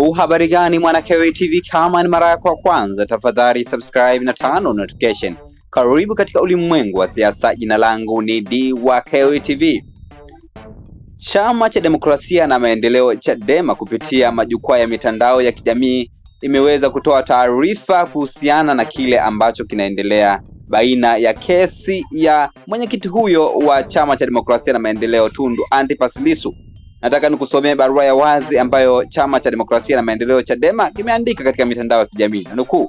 Uhabari gani mwana Kewe TV, kama ni mara yako ya kwanza, tafadhali subscribe na on notification. Karibu katika ulimwengu wa siasa. Jina langu ni D wa Kewe TV. Chama cha Demokrasia na Maendeleo Chadema kupitia majukwaa ya mitandao ya kijamii imeweza kutoa taarifa kuhusiana na kile ambacho kinaendelea baina ya kesi ya mwenyekiti huyo wa Chama cha Demokrasia na Maendeleo Tundu Antipas Lissu Nataka nikusomee barua ya wazi ambayo Chama cha Demokrasia na Maendeleo Chadema kimeandika katika mitandao ya kijamii. Nukuu,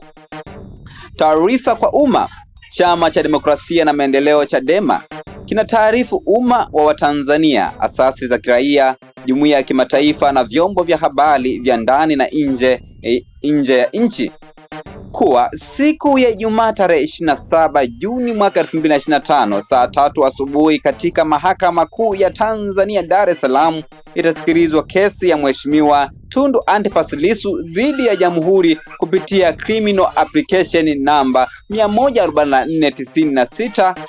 taarifa kwa umma. Chama cha Demokrasia na Maendeleo Chadema kina taarifu umma wa Watanzania, asasi za kiraia, jumuiya ya kimataifa na vyombo vya habari vya ndani na nje eh, nje ya nchi kuwa siku ya Ijumaa tarehe 27 Juni mwaka 2025 saa tatu asubuhi katika Mahakama Kuu ya Tanzania Dar es Salaam itasikilizwa kesi ya Mheshimiwa Tundu Antipas Lissu dhidi ya Jamhuri kupitia criminal application namba 14496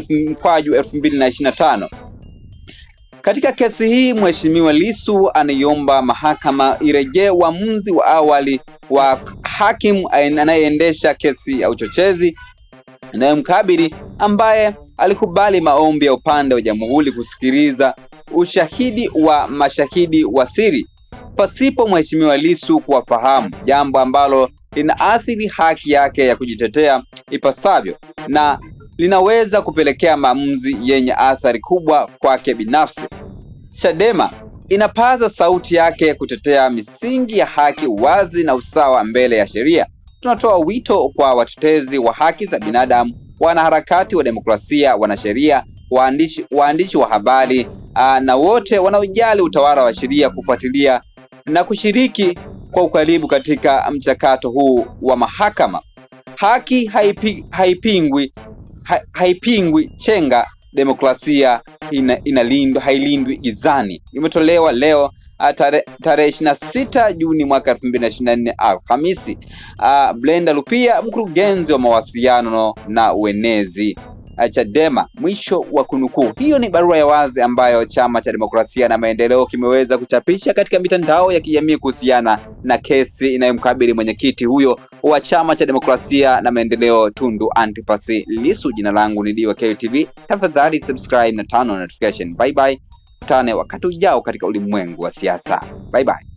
uh, mkwaju 2025. Katika kesi hii Mheshimiwa Lissu anaiomba mahakama irejee uamuzi wa awali wa hakimu anayeendesha kesi ya uchochezi inayomkabili ambaye alikubali maombi ya upande wa jamhuri kusikiliza ushahidi wa mashahidi wa siri pasipo mheshimiwa Lissu kuwafahamu, jambo ambalo linaathiri haki yake ya kujitetea ipasavyo na linaweza kupelekea maamuzi yenye athari kubwa kwake binafsi. Chadema inapaza sauti yake kutetea misingi ya haki, wazi na usawa mbele ya sheria. Tunatoa wito kwa watetezi wa haki za binadamu, wanaharakati wa demokrasia, wanasheria, waandishi, waandishi wa habari na wote wanaojali utawala wa sheria kufuatilia na kushiriki kwa ukaribu katika mchakato huu wa mahakama. Haki haipi, haipingwi, ha, haipingwi. Chenga demokrasia ina, inalindwa hailindwi gizani. Imetolewa leo ah, tarehe na 26 Juni mwaka 2024 Alhamisi. Ah, Blenda Lupia, mkurugenzi wa mawasiliano na uenezi Eh, Chadema, mwisho wa kunukuu. Hiyo ni barua ya wazi ambayo chama cha demokrasia na maendeleo kimeweza kuchapisha katika mitandao ya kijamii kuhusiana na kesi inayomkabili mwenyekiti huyo wa chama cha demokrasia na maendeleo Tundu Antipas Lissu. Jina langu ni Diwa KTV, tafadhali subscribe na turn on notification. Bye bye, tutane wakati ujao katika ulimwengu wa siasa. Bye bye.